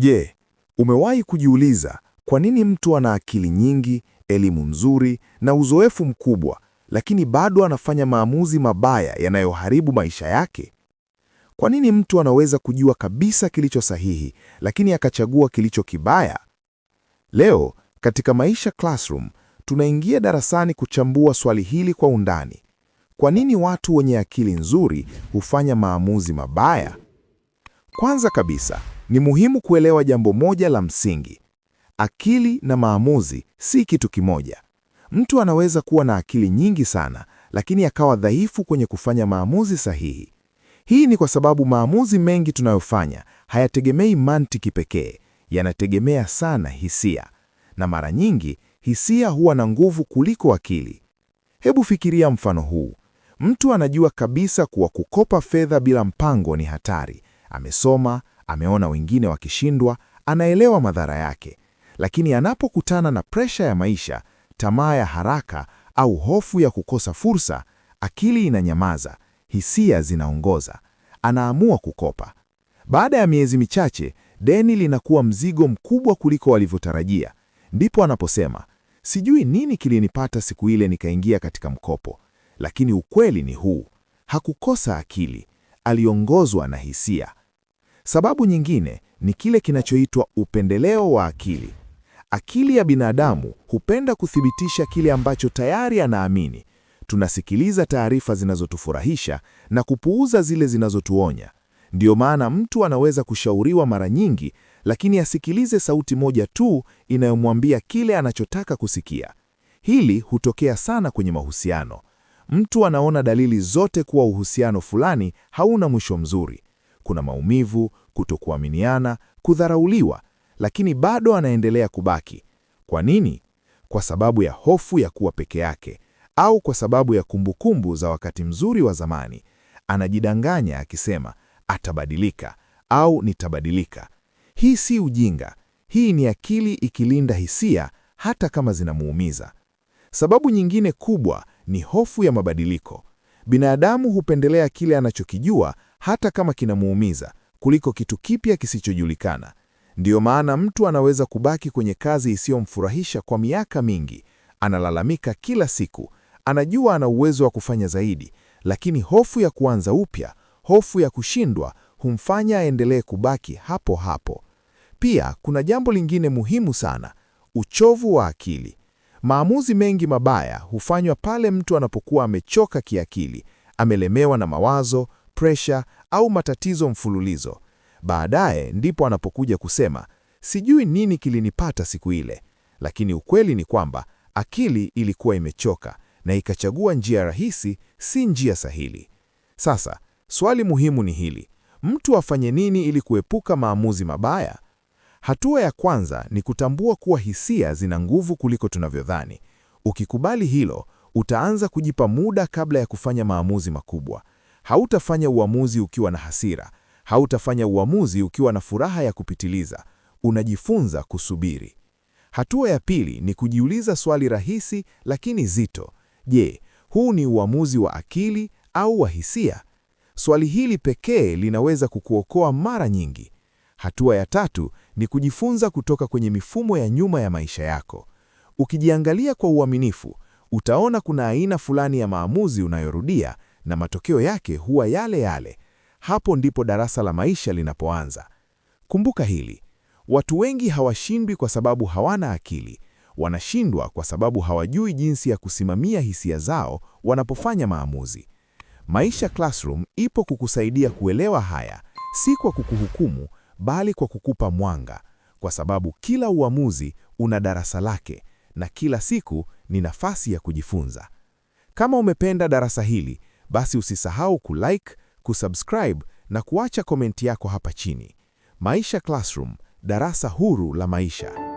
Je, umewahi kujiuliza kwa nini mtu ana akili nyingi, elimu nzuri na uzoefu mkubwa, lakini bado anafanya maamuzi mabaya yanayoharibu maisha yake? Kwa nini mtu anaweza kujua kabisa kilicho sahihi, lakini akachagua kilicho kibaya? Leo katika Maisha Classroom tunaingia darasani kuchambua swali hili kwa undani. Kwa nini watu wenye akili nzuri hufanya maamuzi mabaya? Kwanza kabisa ni muhimu kuelewa jambo moja la msingi: akili na maamuzi si kitu kimoja. Mtu anaweza kuwa na akili nyingi sana, lakini akawa dhaifu kwenye kufanya maamuzi sahihi. Hii ni kwa sababu maamuzi mengi tunayofanya hayategemei mantiki pekee, yanategemea sana hisia, na mara nyingi hisia huwa na nguvu kuliko akili. Hebu fikiria mfano huu. Mtu anajua kabisa kuwa kukopa fedha bila mpango ni hatari. Amesoma, ameona wengine wakishindwa, anaelewa madhara yake. Lakini anapokutana na presha ya maisha, tamaa ya haraka au hofu ya kukosa fursa, akili inanyamaza, hisia zinaongoza. Anaamua kukopa. Baada ya miezi michache, deni linakuwa mzigo mkubwa kuliko walivyotarajia. Ndipo anaposema, sijui nini kilinipata siku ile nikaingia katika mkopo. Lakini ukweli ni huu, hakukosa akili, aliongozwa na hisia. Sababu nyingine ni kile kinachoitwa upendeleo wa akili. Akili ya binadamu hupenda kuthibitisha kile ambacho tayari anaamini. Tunasikiliza taarifa zinazotufurahisha na kupuuza zile zinazotuonya. Ndiyo maana mtu anaweza kushauriwa mara nyingi, lakini asikilize sauti moja tu inayomwambia kile anachotaka kusikia. Hili hutokea sana kwenye mahusiano. Mtu anaona dalili zote kuwa uhusiano fulani hauna mwisho mzuri, kuna maumivu, kutokuaminiana, kudharauliwa, lakini bado anaendelea kubaki. Kwa nini? Kwa sababu ya hofu ya kuwa peke yake, au kwa sababu ya kumbukumbu za wakati mzuri wa zamani. Anajidanganya akisema atabadilika au nitabadilika. Hii si ujinga, hii ni akili ikilinda hisia hata kama zinamuumiza. Sababu nyingine kubwa ni hofu ya mabadiliko. Binadamu hupendelea kile anachokijua hata kama kinamuumiza, kuliko kitu kipya kisichojulikana. Ndiyo maana mtu anaweza kubaki kwenye kazi isiyomfurahisha kwa miaka mingi, analalamika kila siku, anajua ana uwezo wa kufanya zaidi, lakini hofu ya kuanza upya, hofu ya kushindwa humfanya aendelee kubaki hapo hapo. Pia kuna jambo lingine muhimu sana, uchovu wa akili. Maamuzi mengi mabaya hufanywa pale mtu anapokuwa amechoka kiakili, amelemewa na mawazo, presha au matatizo mfululizo. Baadaye ndipo anapokuja kusema, sijui nini kilinipata siku ile, lakini ukweli ni kwamba akili ilikuwa imechoka na ikachagua njia rahisi, si njia sahihi. Sasa swali muhimu ni hili: mtu afanye nini ili kuepuka maamuzi mabaya? Hatua ya kwanza ni kutambua kuwa hisia zina nguvu kuliko tunavyodhani. Ukikubali hilo, utaanza kujipa muda kabla ya kufanya maamuzi makubwa. Hautafanya uamuzi ukiwa na hasira, hautafanya uamuzi ukiwa na furaha ya kupitiliza. Unajifunza kusubiri. Hatua ya pili ni kujiuliza swali rahisi lakini zito: je, huu ni uamuzi wa akili au wa hisia? Swali hili pekee linaweza kukuokoa mara nyingi. Hatua ya tatu ni kujifunza kutoka kwenye mifumo ya nyuma ya maisha yako. Ukijiangalia kwa uaminifu, utaona kuna aina fulani ya maamuzi unayorudia na matokeo yake huwa yale yale. Hapo ndipo darasa la maisha linapoanza. Kumbuka hili, watu wengi hawashindwi kwa sababu hawana akili. Wanashindwa kwa sababu hawajui jinsi ya kusimamia hisia zao wanapofanya maamuzi. Maisha Classroom ipo kukusaidia kuelewa haya, si kwa kukuhukumu, bali kwa kukupa mwanga, kwa sababu kila uamuzi una darasa lake na kila siku ni nafasi ya kujifunza. Kama umependa darasa hili, basi usisahau kulike, kusubscribe na kuacha komenti yako hapa chini. Maisha Classroom, darasa huru la maisha.